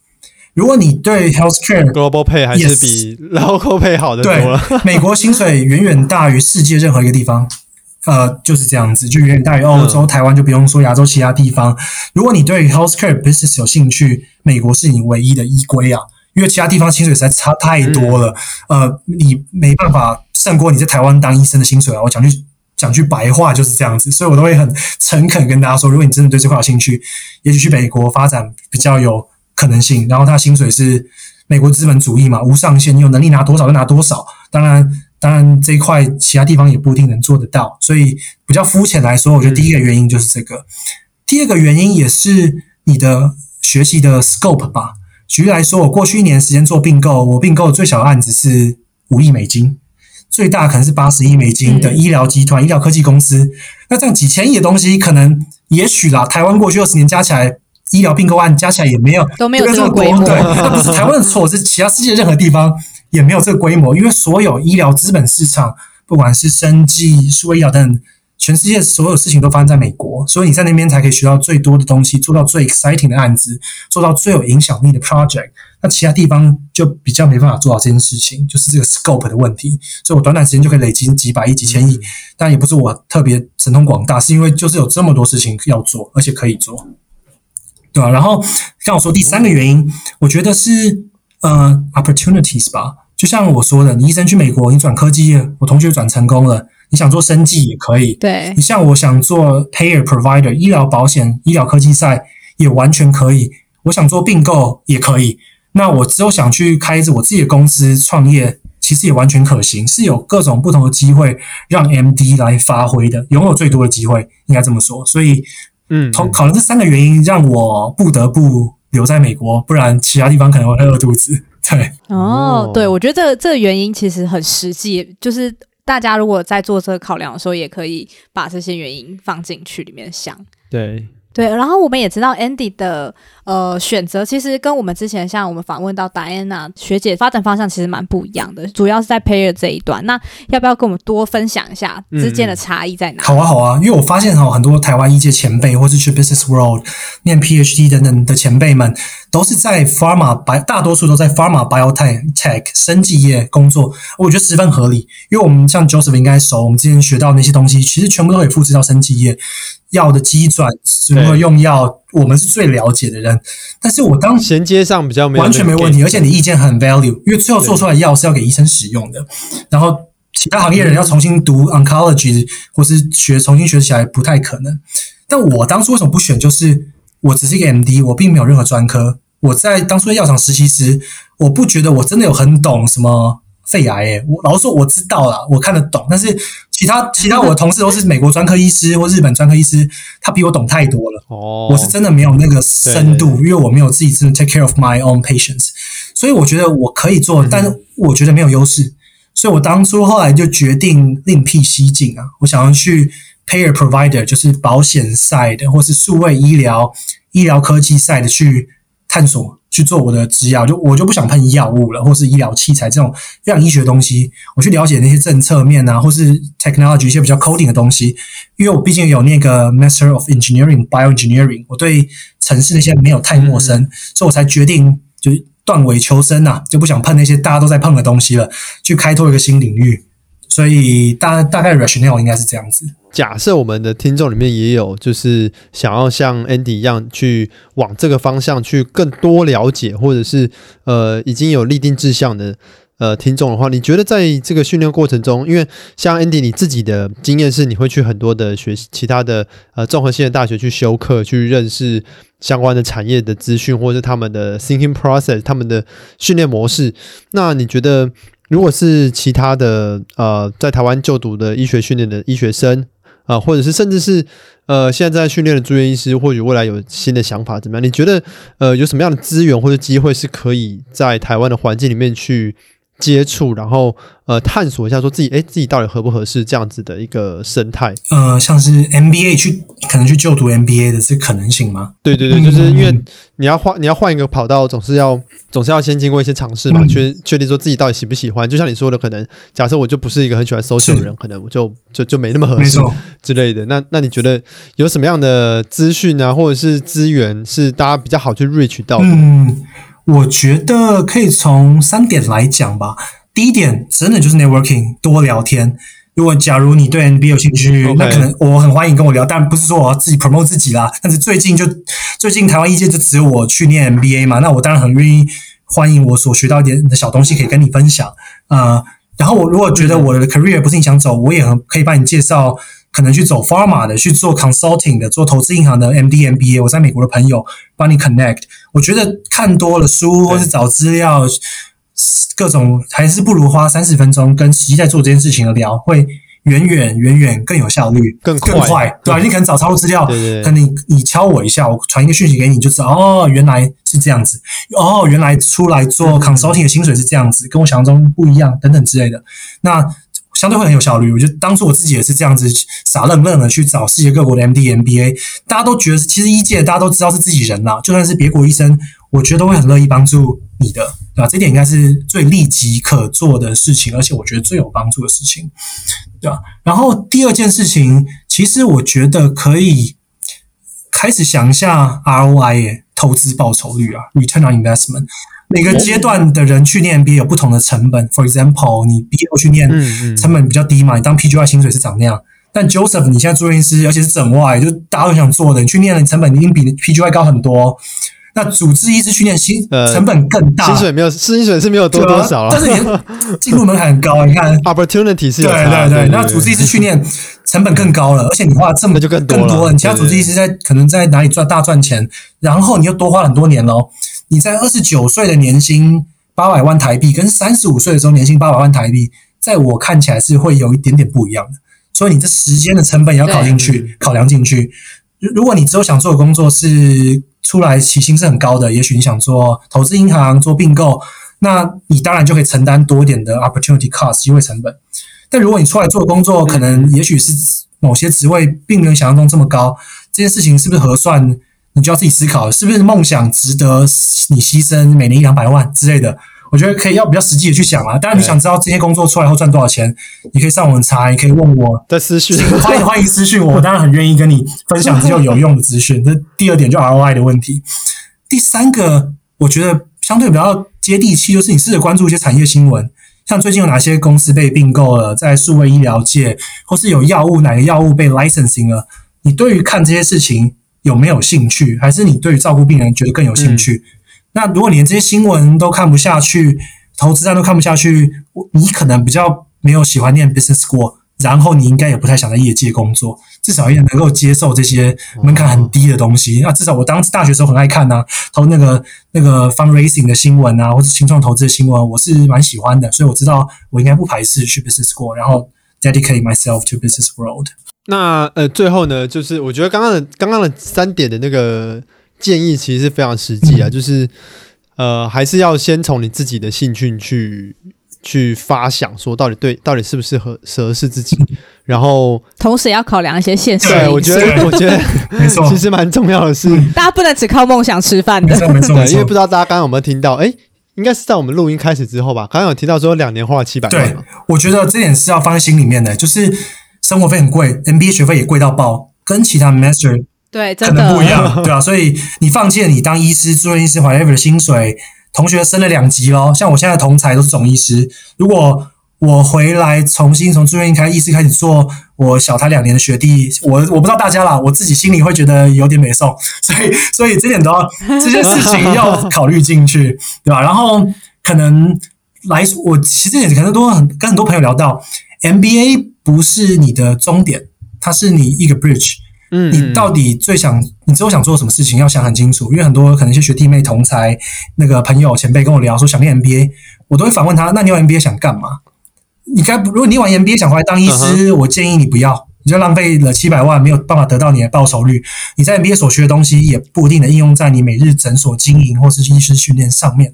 如果你對 healthcare global pay yes, 還是比 local pay 好得多了，對，美國薪水遠遠大於世界任何一個地方。 [laughs] 呃，就是這樣子，就遠遠大於歐洲、台灣，就不用說亞洲其他地方。如果你對 healthcare business 有興趣，美國是你唯一的依歸啊，因為其他地方薪水實在差太多了。呃，你沒辦法勝過你在台灣當醫生的薪水啊。我講句講句白話就是這樣子，所以我都會很誠懇跟大家說，如果你真的對這塊有興趣，也許去美國發展比較有可能性。然後他的薪水是美國資本主義嘛，無上限，你有能力拿多少就拿多少。當然。當然，這一塊其他地方也不一定能做得到，所以比較膚淺來說，我覺得第一個原因就是這個，第二個原因也是你的學習的 scope 吧。舉例來說，我過去一年時間做併購，我併購最小的案子是五億美金，最大可能是八十億美金的醫療集團、醫療科技公司。那這樣幾千億的東西，可能也許啦，台灣過去二十年加起來醫療併購案加起來也沒有都沒有這麼多，對，那不是台灣的錯，是其他世界任何地方。也沒有這個規模，因為所有醫療資本市場，不管是生技、數位醫療等等，全世界所有事情都發生在美國，所以你在那邊才可以學到最多的東西，做到最 exciting 的案子，做到最有影響力的 project。那其他地方就比較沒辦法做到這件事情，就是這個 scope 的問題。所以我短短時間就可以累積幾百億、幾千億，但也不是我特別神通廣大，是因為就是有這麼多事情要做，而且可以做，對吧、啊？然後像我說第三個原因，我覺得是嗯、呃、opportunities 吧。就像我說的，你醫生去美國，你轉科技業，我同學轉成功了。你想做生技也可以，對。你像我想做 payer provider 醫療保險、醫療科技賽也完全可以。我想做併購也可以。那我只有想去開着我自己的公司創業，其實也完全可行，是有各種不同的機會讓 MD 來發揮的，擁有最多的機會應該這麼說。所以，嗯，考慮可能這三個原因讓我不得不留在美國，不然其他地方可能會餓肚子。對哦，對，我覺得這個、這個原因其實很實際，就是大家如果在做這個考量的時候，也可以把這些原因放進去裡面想。對。對，然後我們也知道 Andy 的呃選擇，其實跟我們之前像我們訪問到 Diana 學姐發展方向其實蠻不一樣的，主要是在 Payer 這一段。那要不要跟我們多分享一下之間的差異在哪裡，嗯？好啊，好啊，因為我發現哈，很多台灣醫界前輩或是去 Business World 念 PhD 等等的前輩們，都是在 Pharma，大多數都在 Pharma Biotech、生技業工作。我覺得十分合理，因為我們像 Joseph 應該熟，我們之前學到那些東西，其實全部都可以複制到生技業。藥的機轉、什麼用藥，我們是最了解的人。但是我當時銜接上比較沒問題，完全沒問題，而且你意見很 value，因為最後做出來的藥是要給醫生使用的。然後其他行業人要重新讀 oncology，或是學重新學起來不太可能。但我當初為什麼不選？就是我只是一個 MD，我並沒有任何專科。我在當初的藥廠實習時，我不覺得我真的有很懂什麼肺癌、欸。我老實說，我知道啦，我看得懂，但是。其他其他，其他我的同事都是美國專科醫師或日本專科醫師，他比我懂太多了。哦，我是真的沒有那個深度，因為我沒有自己是 take care of my own patients，所以我覺得我可以做，但是我覺得沒有優勢。所以，我當初後來就決定另闢蹊徑啊！我想要去 payer provider，就是保險 side 或是數位醫療醫療科技 side 去探索。去做我的製藥，就我就不想碰醫藥物了，或是醫療器材這種非常醫學的東西。我去了解那些政策面啊，或是 technology 一些比較 coding 的東西，因為我畢竟有那個 Master of Engineering Bioengineering，我對城市那些沒有太陌生，所以我才決定就斷尾求生吶、啊，就不想碰那些大家都在碰的東西了，去開拓一個新領域。所以大大概 rationale 應該是這樣子。假設我們的聽眾裡面也有就是想要像 Andy 一樣去往這個方向去更多了解，或者是呃已經有立定志向的呃聽眾的話，你覺得在這個訓練過程中，因為像 Andy 你自己的經驗是你會去很多的學其他的呃綜合性的大學去修課，去認識相關的產業的資訊，或者是他們的 thinking process，他們的訓練模式，那你覺得？如果是其他的呃，在台灣就讀的醫學訓練的醫學生啊、呃，或者是甚至是呃，現在在訓練的住院醫師，或者未來有新的想法怎麼樣？你覺得呃，有什麼樣的資源或者機會是可以在台灣的環境裡面去？接觸，然後呃、探索一下，說自己誒，自己到底合不合適這樣子的一個生態？呃，像是 MBA 去，可能去就讀 MBA 的是可能性嗎？對對對，就是因為你要換，你要換一個跑道，總是要總是要先經過一些嘗試嘛，確、嗯、確定說自己到底喜不喜歡。就像你說的，可能假設我就不是一個很喜歡 social 的人，是可能我就就就沒那麼合適之類的。錯那那你覺得有什麼樣的資訊啊，或者是資源，是大家比較好去 reach 到的？嗯我覺得可以從三點來講吧。第一點，真的就是 networking，多聊天。如果假如你對 MBA 有興趣，那可能我很歡迎跟我聊。但不是說我要自己 promote 自己啦。但是最近就最近台灣業界就只有我去念 MBA 嘛，那我當然很願意歡迎我所學到一點的小東西可以跟你分享啊。然後我如果覺得我的 career 不是你想走，我也很可以幫你介紹，可能去走 pharma 的，去做 consulting 的，做投資銀行的 MD MBA。我在美國的朋友幫你 connect。我覺得看多了書，或是找資料，對 各種還是不如花三十分鐘跟實際在做這件事情的聊，會遠遠遠遠更有效率，更更快，對，你可能找超多資料，對可能你你敲我一下，我傳一個訊息給你，就知道哦，原來是這樣子，哦，原來出來做 consulting 的薪水是這樣子，跟我想象中不一樣，等等之類的，那。相對會很有效率。我覺得當初我自己也是這樣子傻愣愣的去找世界各國的 MD MBA，大家都覺得其實醫界大家都知道是自己人啦，就算是別國醫生，我覺得都會很樂意幫助你的，對吧？這點應該是最立即可做的事情，而且我覺得最有幫助的事情，對吧？然後第二件事情，其實我覺得可以開始想一下 ROI，投資報酬率啊，return on investment。每一個階段的人去念比有不同的成本，For example，你必要去念成本比較低嘛，嗯嗯你當 P G Y 薪水是長那樣。但 Joseph 你現在做醫師，而且是整外，就大家都想做的，你去念了，成本已經比 P G Y 高很多。那主治醫師去念、呃、成本更大，薪水沒有，薪水是沒有多多少、啊、吧但是你進入門檻很高，你看。Opportunity 是 [laughs] 對對對，那主治醫師去念成本更高了，而且你花這麼就更多了，多你其他主治醫師在對對對可能在哪裡賺大賺錢，然後你又多花很多年嘍。你在二十九歲的年薪八百萬台幣，跟三十五歲的時候年薪八百萬台幣，在我看起來是會有一點點不一樣的。所以你這時間的成本也要考進去、考量進去。如如果你之後想做的工作是出來起薪是很高的，也許你想做投資銀行、做併購，那你當然就可以承擔多一點的 opportunity cost 機會成本。但如果你出來做的工作可能也許是某些職位並沒有想象中這麼高，這件事情是不是合算？你就要自己思考，是不是夢想值得你犧牲每年一兩百萬之類的？我覺得可以要比較實際的去想啊。當然，你想知道這些工作出來後賺多少錢，你可以上網查，也可以問我。的私訊，歡迎歡迎私訊我，我當然很願意跟你分享比較有，有用的資訊。這第二點就 ROI 的問題。第三個，我覺得相對比較接地氣，就是你試着關注一些產業新聞，像最近有哪些公司被併購了，在數位醫療界，或是有藥物哪個藥物被 licensing 了。你對於看這些事情。有沒有興趣？還是你對於照顧病人覺得更有興趣？嗯、那如果你連這些新聞都看不下去，投資站都看不下去，你可能比較沒有喜歡念 business school，然後你應該也不太想在業界工作，至少也能夠接受這些門檻很低的東西。那、啊、至少我當時大學時候很愛看呢、啊，投那個那個 fundraising 的新聞啊，或是新創投資的新聞，我是蠻喜歡的，所以我知道我應該不排斥去 business school，然後 dedicate myself to business world。那呃，最後呢，就是我覺得剛剛的剛剛的三點的那個建議其實是非常實際啊，嗯、就是呃，還是要先從你自己的興趣去去發想，說到底對到底適不適合適合是自己，然後同時也要考量一些現實。對，對是我覺得對我覺得沒錯，其實蠻重要的錯，是大家不能只靠夢想吃飯的。沒錯，沒錯。因為不知道大家剛剛有沒有聽到，誒、欸，應該是在我們錄音開始之後吧？剛剛有提到說兩年花了七百，對，我覺得這點是要放在心裡面的，就是。生活費很貴，MBA 學費也貴到爆，跟其他 Master 對可能不一樣，對啊，所以你放棄你當醫師、住院醫師，whatever 的薪水，同學升了兩級咯。像我現在的同儕都是總醫師，如果我回來重新從住院醫開醫師開始做，我小他兩年的學弟，我我不知道大家啦，我自己心裡會覺得有點美送，所以所以這點都要這些事情要考慮進去，對吧，啊？然後可能來，我其實也可能都很跟很多朋友聊到 MBA。不是你的終點，它是你一個 bridge。嗯，嗯，你到底最想，你之後想做什麼事情？要想很清楚，因為很多可能一些學弟妹、同儕、那個朋友、前輩跟我聊說想念 MBA，我都會反問他：那你有 MBA 想幹嘛？你該如果你玩 MBA 想回來當醫師，嗯哼我建議你不要，你就要浪費了七百萬，沒有辦法得到你的報酬率。你在 MBA 所學的東西也不一定的應用在你每日診所經營或是醫師訓練上面。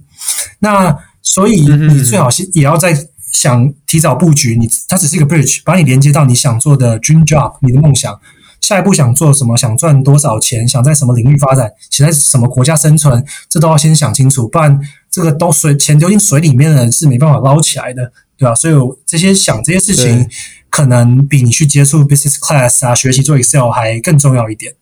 那所以你最好先也要在。想提早布局，你它只是一個 bridge，把你連接到你想做的 dream job，你的夢想。下一步想做什麼？想賺多少錢？想在什麼領域發展？想在什麼國家生存？這都要先想清楚，不然這個都水錢丟進水裡面的人是沒辦法撈起來的，對吧、啊？所以這些想這些事情，對 可能比你去接觸 business class 啊，學習做 Excel 還更重要一點。誒、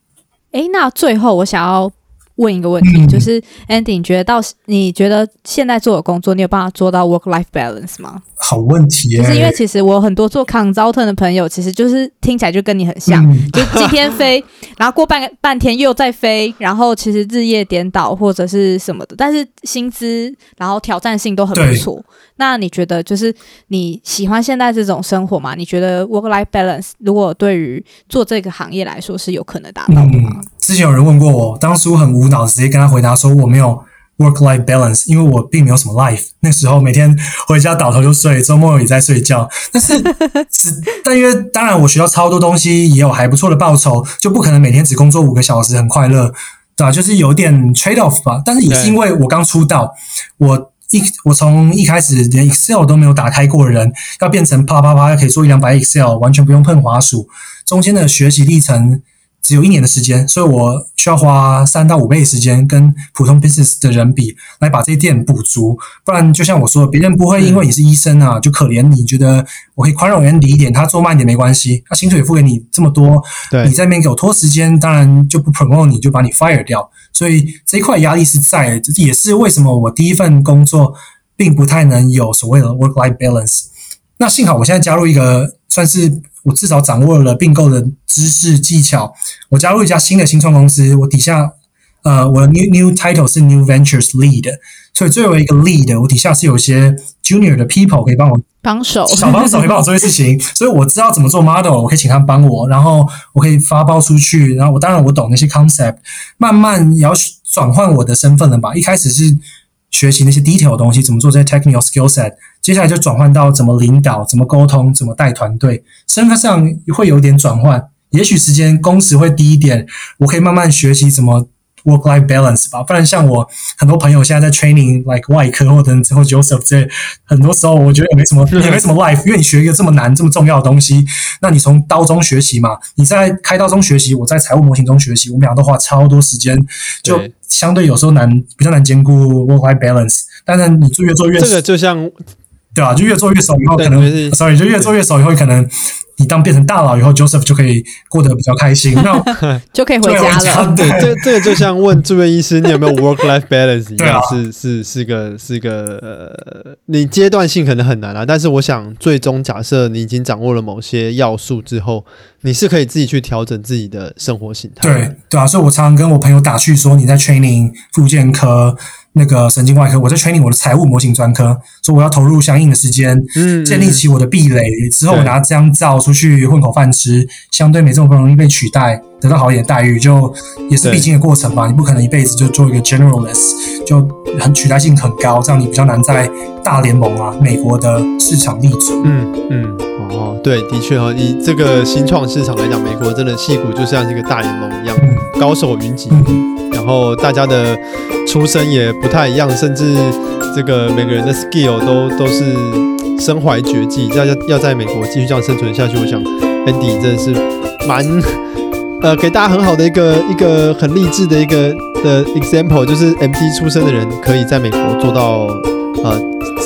欸，那最後我想要。問一個問題，就是 Andy，你覺得到你覺得現在做的工作，你有辦法做到 work life balance 嗎？好問題、欸，就是因為其實我有很多做 consultant 的朋友，其實就是聽起來就跟你很像，嗯、就今天飛， [laughs] 然後過半個半天又再飛，然後其實日夜顛倒或者是什麼的，但是薪資然後挑戰性都很不錯。對那你覺得就是你喜歡現在這種生活嗎？你覺得 work life balance 如果對於做這個行業來說是有可能達到的嗎？嗯之前有人問過我，當初很無腦，直接跟他回答說我沒有 work-life balance，因為我並沒有什麼 life。那時候每天回家倒頭就睡，周末也在睡覺。但是，只 [laughs] 但約當然我學到超多東西，也有還不錯的報酬，就不可能每天只工作五個小時很快樂，對吧、啊？就是有點 trade off 吧。對 但是也是因為我剛出道，我一我從一開始連 Excel 都沒有打開過人，人要變成啪啪啪，啪可以做一兩百 Excel，完全不用碰滑鼠，中間的學習歷程。只有一年的時間，所以我需要花三到五倍的時間跟普通 business 的人比，來把這些點補足。不然，就像我說，別人不會因為你是醫生啊，對 就可憐你，你覺得我可以寬容、原理一點，他做慢一點沒關係，他薪水付給你這麼多，對 你在那邊給我拖時間，當然就不 promote 你，就把你 fire 掉。所以這一塊壓力是在，也是為什麼我第一份工作並不太能有所謂的 work-life balance。那幸好我現在加入一個算是。我至少掌握了併購的知識技巧。我加入一家新的新創公司，我底下，呃，我的 new new title 是 New Ventures Lead，所以作為一個 lead，我底下是有一些 junior 的 people 可以幫我幫手，小幫手可以幫我做一些事情。 [laughs] 所以我知道怎麼做 model，我可以請他們幫我，然後我可以發包出去，然後我當然我懂那些 concept，慢慢也要轉換我的身份了吧。一開始是學習那些 detail 的東西，怎麼做這些 technical skill set。接下來就轉換到怎麼領導、怎麼溝通、怎麼帶團隊，身份上會有點轉換。也許時間工時會低一點，我可以慢慢學習什麼 work-life balance 吧。不然像我很多朋友現在在 training，like 外科或者之後 Joseph 之類，很多時候我覺得也沒什麼，也沒什麼 life，< 對 S 1> 因為你學一個這麼難、這麼重要的東西，那你從刀中學習嘛？你在開刀中學習，我在財務模型中學習，我們倆都花超多時間，就相對有時候難，比較難兼顧 work-life balance。但是你做越做越對 這個就像。對啊，就越做越熟，以後可能 Sorry 就越做越熟，以後可能你當變成大佬以後，Joseph 就可以過得比較開心， [laughs] 那 [laughs] 就可以回家了。對，這、嗯、這個就像問住院醫師你有沒有 work-life balance 一樣、啊，是是是個是個、呃、你階段性可能很難啊，但是我想最終假設你已經掌握了某些要素之後，你是可以自己去調整自己的生活形態。對對啊，所以我常常跟我朋友打趣說你在 training 復健科。那個神經外科，我在 training 我的財務模型專科，說我要投入相應的時間，嗯嗯嗯，建立起我的壁壘之後，我拿這張照出去混口飯吃，對，相對沒這麼不容易被取代。得到好一點待遇，就也是必經的過程吧。對你不可能一輩子就做一個 generalist，就很取代性很高，這樣你比較難在大聯盟啊，美國的市場立足。嗯嗯，哦，對，的確哦。以這個新創市場來講，美國真的戲骨就是像是一個大聯盟一樣，嗯、高手雲集。嗯、然後大家的出身也不太一樣，甚至這個每個人的 skill 都都是身懷絕技。要要在美國繼續這樣生存下去，我想 Andy 真的是蠻。呃，給大家很好的一個一個很勵志的一個的 example，就是 MD 出身的人可以在美國做到呃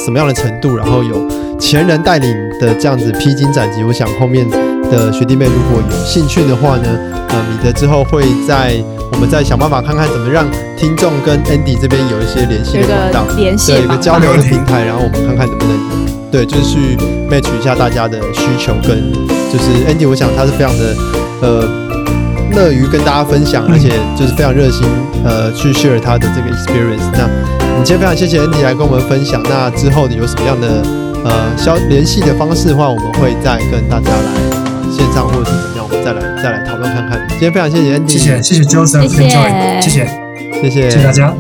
什麼樣的程度？然後有前人帶領的這樣子披荊斬棘。我想後面的學弟妹如果有興趣的話呢，呃，米德之後會在我們再想辦法看看怎麼讓聽眾跟 Andy 這邊有一些聯繫的管道，聯繫，對，一個交流的平台。 [laughs] 然後我們看看怎麼能不能對，就是 match 一下大家的需求跟就是 Andy，我想他是非常的呃。樂於跟大家分享，而且就是非常熱心，呃，去 share 他的這個 experience。那，你今天非常謝謝 Andy 來跟我們分享。那之後你有什麼樣的呃消聯繫的方式的話，我們會再跟大家來線上或者怎麼樣，我們再來再來討論看看。今天非常謝謝 Andy，謝謝，謝謝 Joseph，謝謝，謝謝，謝謝大家。